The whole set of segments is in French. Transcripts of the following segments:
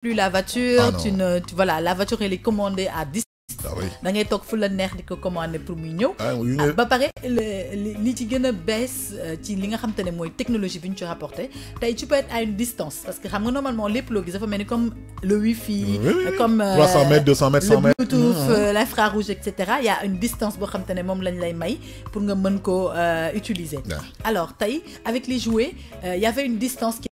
plus la voiture, ah tu ne, tu, voilà, la voiture elle est commandée à 10 ah da ngay toog fu la neex di ko commandé pour muy ñëw ah, ah, ba pare li ci gën a bees euh, ci li nga xam technologie bi ñu ci tu peux être à une distance parce que xam nga normalement les loo gis dafa mel ni comme le wifi comme 300 euh, mètres 200 mètres 100 mètres bluetooth euh, l'infrarouge et cetera y a une distance pour xam te ne lañ lay may pour nga mën ko utiliser alors tey avec les jouets il y avait une distance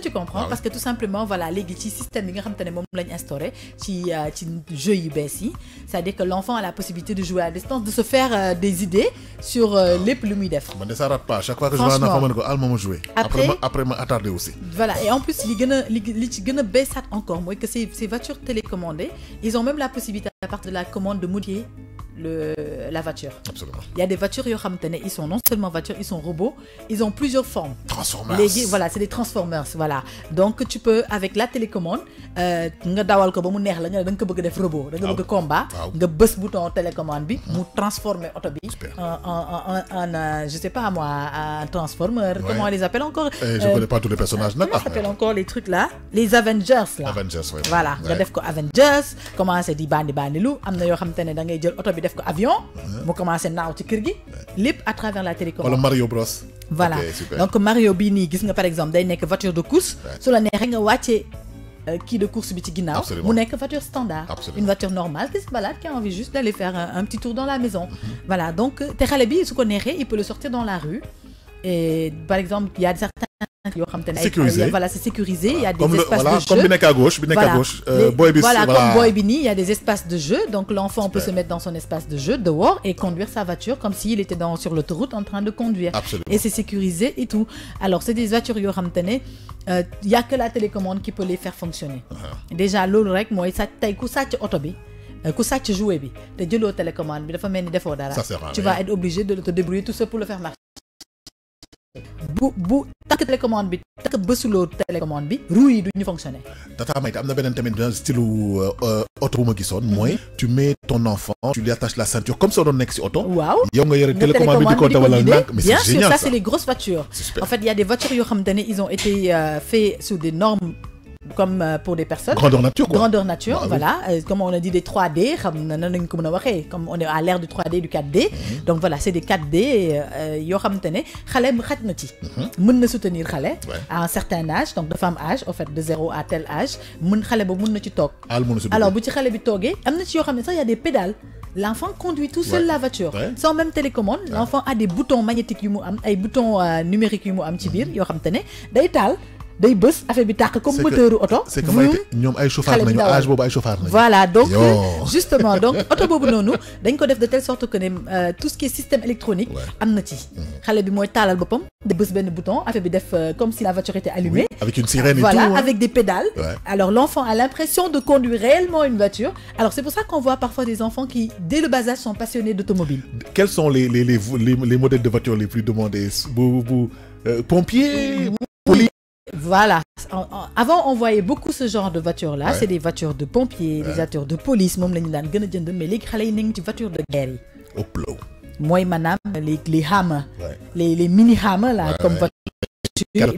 tu comprends ah parce que tout simplement voilà les ci système Qui nga xamante ne instauré ci euh, ci jeu yu c'est-à-dire que l'enfant a la possibilité de jouer à distance de se faire euh, des idées sur euh, ah. les plumes muy def. man ça rate pas chaque fois que je vois un enfant ma le ko jouer. après m'attarder après aussi. voilà et en plus li gëna les li ci encore moins que ces ces voitures télécommandées ils ont même la possibilité à partir de la commande de modifier le, la voiture. Absolument. Il y a des voitures, ils sont non seulement voitures, ils sont robots, ils ont plusieurs formes. Transformers. Les, voilà, c'est des Transformers, voilà. Donc tu peux, avec la télécommande, euh, nga dawal ko ba mu robot combat nga bus bouton télécommande bi mu transformer auto bi en en en euh, je sais pas moi un transformer comment on les appelle encore eh, je connais euh, pas tous les personnages là comment on appelle encore les trucs là les Avengers là Avengers voilà nga def ko Avengers Comment di bandi bandi lu amener xam te da avion. mu commence naaw ci kër à travers la télécommande. wala Mario Bros. voilà donc Mario bini par exemple day nekk voiture de course. su la nga euh, de course bi ci ginnaaw. mu voiture standard. une voiture normale qui se balade qui a envie juste d'aller faire un petit tour dans la maison. Mhm. voilà donc euh, te xale bi su ko il peut le sortir dans la rue et par exemple il y a certains voilà c'est sécurisé il y a des espaces de jeu comme bi à gauche bi à gauche euh, voilà comme Boy bi il y a des espaces de jeu donc l'enfant peut se mettre dans son espace de jeu dehors et conduire sa voiture comme s'il était dans sur l'autoroute en train de conduire et c'est sécurisé et tout alors c'est des voitures yoramtené. il euh, y a que la télécommande qui peut les faire fonctionner uh-huh. déjà l'autre rek mooy sàcc tu euh, ku bi ku jouet bi télécommande tu vas être obligé de te débrouiller tout seul pour le faire marcher bu bu takk télécommande bi que bësuloo télécommande bi roue yi du fonctionner. Tata mayte am na beneen tamit style euh, oto bu ma gisoon. Mhm. mooy tu mets ton enfant tu lui attaches la ceinture comme soo doon nekk ci oto. waaw yow nga yore télécommande bi di ko dawalal ndànk mais c'est génial ça bien sûr ça c'est les grosses voitures. en fait il y a des voitures yoo xam ne ils ont été euh, faits sous des normes comme euh, pour des personnes. Grandeur nature, Grandeur nature, bah voilà. Euh, comme on a dit des 3D, comme on est à l'ère du 3D, du 4D. Mhm. Donc voilà, c'est des 4D. Euh, Yo xamantene xalé bu xatna ci. Mhm. soutenir à un certain âge, donc de femme âge, en fait de 0 à tel âge, Il xalé ba mën na Alors bu ci xalé bi togué, il y a des pédales l'enfant conduit tout seul la voiture sans même télécommande l'enfant a des boutons magnétiques yu am boutons numériques Il y a ci biir mhm day bus, affaire bi tak comme moteur auto c'est que ñom ay chauffard nañu âge bobu ay chauffard nañu voilà donc euh, justement donc auto bobu noonu dañ ko def de telle sorte que ne euh, tout ce qui est système électronique am na ci mhm. xalé bi moy talal bopam de ben bouton affaire bi def euh, comme si la voiture était allumée avec une sirène et tout Voilà, hein. avec des pédales alors l'enfant a l'impression de conduire réellement une voiture alors c'est pour ça qu'on voit parfois des enfants qui dès le bas âge sont passionnés d'automobile quels sont les les les modèles de voitures les plus demandés bu pompier voilà. avant on voyait beaucoup ce genre de voitures là c'est des voitures de pompiers des voitures de police même les de guerre les les les mini Hummer là comme voitures.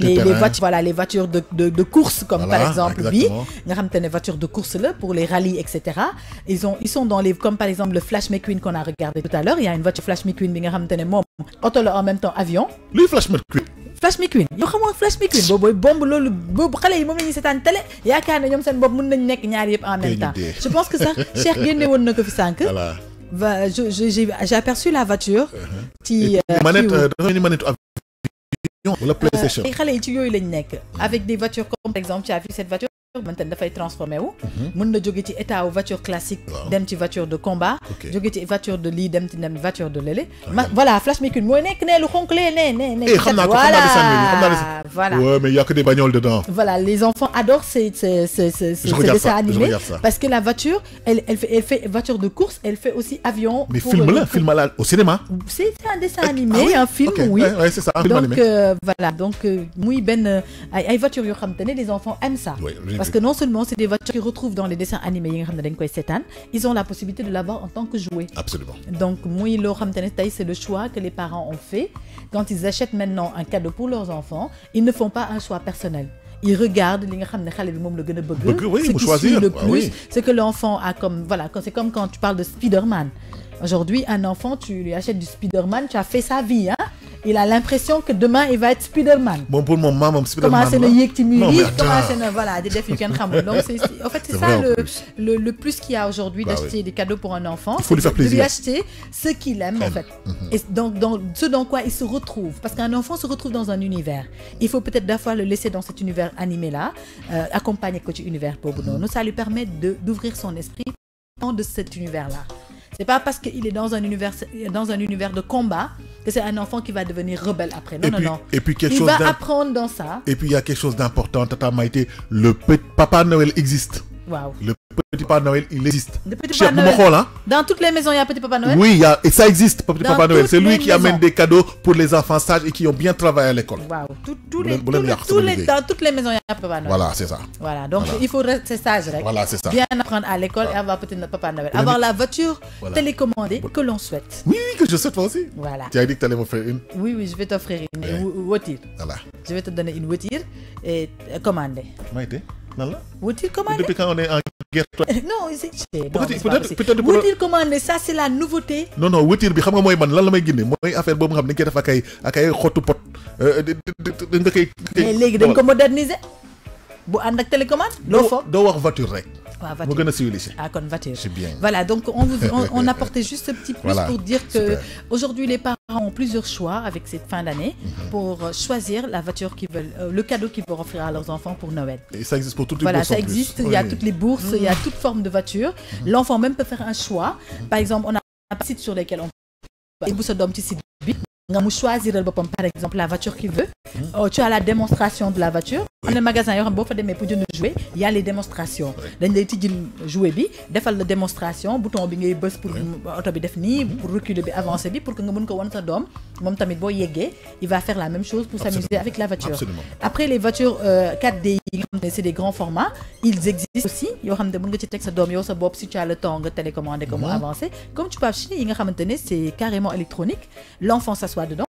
les voitures voilà les voitures de course comme par exemple oui. nga de course là pour les rallyes etc ils ont ils sont dans les comme par exemple le Flash McQueen qu'on a regardé tout à l'heure il y a une voiture Flash McQueen mais en même temps avion. Le Flash McQueen. Flash McQueen yo xamoo Flash McQueen boboy bombe loolu boobu xalé yi moom la ñuy seetaan télé yaakaar ñom ñoom seen bopp mën nañ nek ñaar yépp en même temps je pense que sax Cheikh génne won na ko fi sank va je j'ai j'ai aperçu la voiture ti uh-huh. euh, manette euh, manette ci wala euh, PlayStation xalé yi ci yoy lañ nek avec des voitures comme par exemple tu as vu cette voiture xamante da fay transformer wu mhm. mën na jóge ci état voiture classique dem ci voiture de combat jóge ci voiture de lit dem ci dem voiture de l'élé. Ah, voilà flash mécune mooy nekk nee lu xonk lee né né eh, voilà ouais mais il y a que des bagnoles dedans voilà les enfants adorent ces ces ces ces dessins animés parce que la voiture elle elle fait elle fait voiture de course elle fait aussi avion mais film la film la au cinéma c'est un dessin animé ah un film oui c'est ça donc euh, voilà donc euh, muy ben ay voiture yo xam tane les enfants aiment ça parce que non seulement c'est des voitures qu'ils retrouvent dans les dessins animés ils ont la possibilité de l'avoir en tant que jouet. absolument donc c'est le choix que les parents ont fait quand ils achètent maintenant un cadeau pour leurs enfants ils ne font pas un choix personnel. Ils regardent ce le ah plus C'est que l'enfant a comme voilà c'est comme quand tu parles de Spider-Man aujourd'hui un enfant tu lui achètes du Spider-Man tu as fait sa vie hein il a l'impression que demain il va être Spider-Man. Bon, pour moment, maman, Spider-Man. c'est le yekti timuri, voilà, des Donc, en fait, c'est ça le, plus qu'il y a aujourd'hui bah d'acheter des cadeaux pour un enfant. Il faut lui faire plaisir. De lui acheter ce qu'il aime, en fait. Mhm. Et donc, ce dans quoi il se retrouve. Parce qu'un enfant se retrouve dans un univers. Il faut peut-être d'abord le laisser dans cet univers animé-là, euh, accompagner coach univers pour mm Ça lui permet de, d'ouvrir son esprit de cet univers-là. C'est pas parce qu'il est dans un univers, dans un univers de combat que c'est un enfant qui va devenir rebelle après. Non, non, non. Et puis quelque il va apprendre dans ça. Et puis il y a quelque chose d'important, Tata Maïté. Le Papa Noël existe. Wow. Petit Papa Noël, il existe. Petit Papa Noël. Hein. Dans toutes les maisons, il y a Petit Papa Noël. Oui, il y a, et ça existe, Petit Papa Noël. C'est lui qui amène des cadeaux pour les enfants sages et qui ont bien travaillé à l'école. Wow. dans toutes les maisons, il y a Petit Papa Noël. Voilà, c'est ça. Voilà, donc il faut rester sage. Voilà, c'est ça. Bien apprendre à l'école et avoir Petit Papa Noël. Avoir la voiture télécommandée que l'on souhaite. Oui, que je souhaite aussi. Voilà. Tu as dit que tu allais m'offrir une. Oui, oui, je vais t'offrir une, voiture. Voilà. Je vais te donner une voiture et euh, commander. non Voiture commandée. Depuis quand on est en non peut-être peut-être wutir commandé ça c'est la nouveauté non non wutir bi xam nga moy man lan lamay guiné moy affaire boobu nga xam ne dañ koy def ak ay ak ay xottu pot nga euh, koy euh, mais légui dañ ko moderniser bu ànd ak télécommande loo foofu doo wax voiture rek Vous ah, voiture. C'est bien. Voilà, donc on, vous, on, on apportait juste ce petit plus voilà, pour dire que aujourd'hui les parents ont plusieurs choix avec cette fin d'année mhm. pour euh, choisir la voiture qu'ils veulent, euh, le cadeau qu'ils vont offrir à leurs enfants pour Noël. Et ça existe pour toutes les voilà, bourses. Voilà, ça existe. Il y a toutes les bourses, il y a toutes formes de voitures. Mhm. L'enfant même peut faire un choix. Mhm. Par exemple, on a un site sur lequel on peut. Et vous, un petit site nga mu le par exemple la voiture qu'il veut oh, tu as la démonstration de la voiture Dans na magasin il y a pour jouer, il y a les démonstrations Dans lay tijjil jouet bi defal la démonstration bouton bi ngay pour oto bi mhm. pour reculer bi avancer pour que nga mën ko wan sa doom il va faire la même chose pour s'amuser avec la voiture après les voitures 4D euh, c'est des grands formats ils existent aussi yo xam mën nga ci teg sa dom yow sa bop si tu as le temps nga télécommander ko mu avancer comme tu peux acheter yi nga xamante c'est carrément électronique l'enfant s'assoit dedans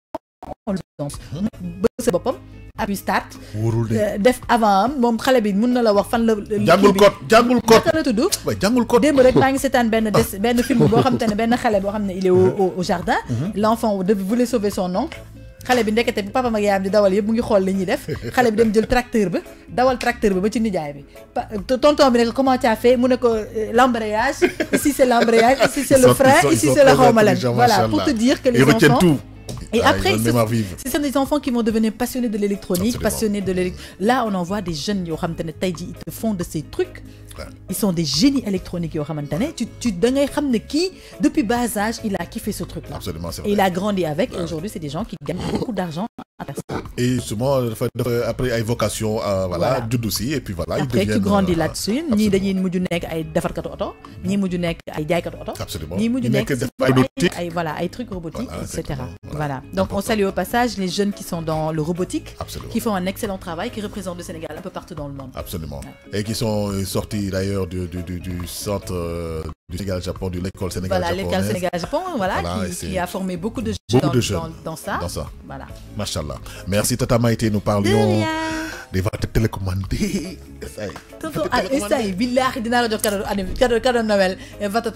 on le danse hum. ba sa bopam appuie start euh, def avant mom xalé bi mën na la wax fan la jàngul code jàngul code la tudd jàngul code démb rek maa ngi seetaan des film bo xam ben xalé bo xale il est au au jardin hum. l'enfant enfant voulait sauver son oncle xale bi ndekete bi papa mag yaayam di dawal yëpp mu ngi xool li ñuy def xale bi dem jël tracteur ba dawal tracteur ba ba ci nijaay bi tonton bi ne ko comment tu as fait mu ne ko euh, l'embrayage ici c'est l'embrayage ici c'est le frein ici c'est la xawma voilà pour te dire que les enfants tout et ah, après, ce sont des enfants qui vont devenir passionnés de l'électronique, passionnés de l'électronique. Là, on en voit des jeunes, ils te font de ces trucs ils sont des génies électroniques au tu tu da qui depuis bas âge il a kiffé ce truc là. absolument il a grandi avec et aujourd'hui c'est des gens qui gagnent beaucoup d'argent et souvent après, après ay vocation euh, voilà Du dossier et puis voilà. il après tu grandis euh, là-dessus ni dañuy yin nek ay d'afar oto Ni mujj nekk ay jaaykatu absolument ni moudunek voilà à trucs robotiques et voilà donc on salue au passage les jeunes qui sont dans le robotique. qui font un excellent travail qui représentent le Sénégal un peu partout dans le monde. absolument et qui sont euh, sortis d'ailleurs du, centre euh, du Sénégal-Japon, de l'école Sénégal-Japon. Voilà, l'école Sénégal-Japon, hein, qui, a formé beaucoup de, beaucoup dans, jeunes, dans, ça. Voilà. Machallah. Merci Tata Maïté, nous parlions. De des ventes ah, télécommandées. Essaye. Essaye, y cadeau Noël et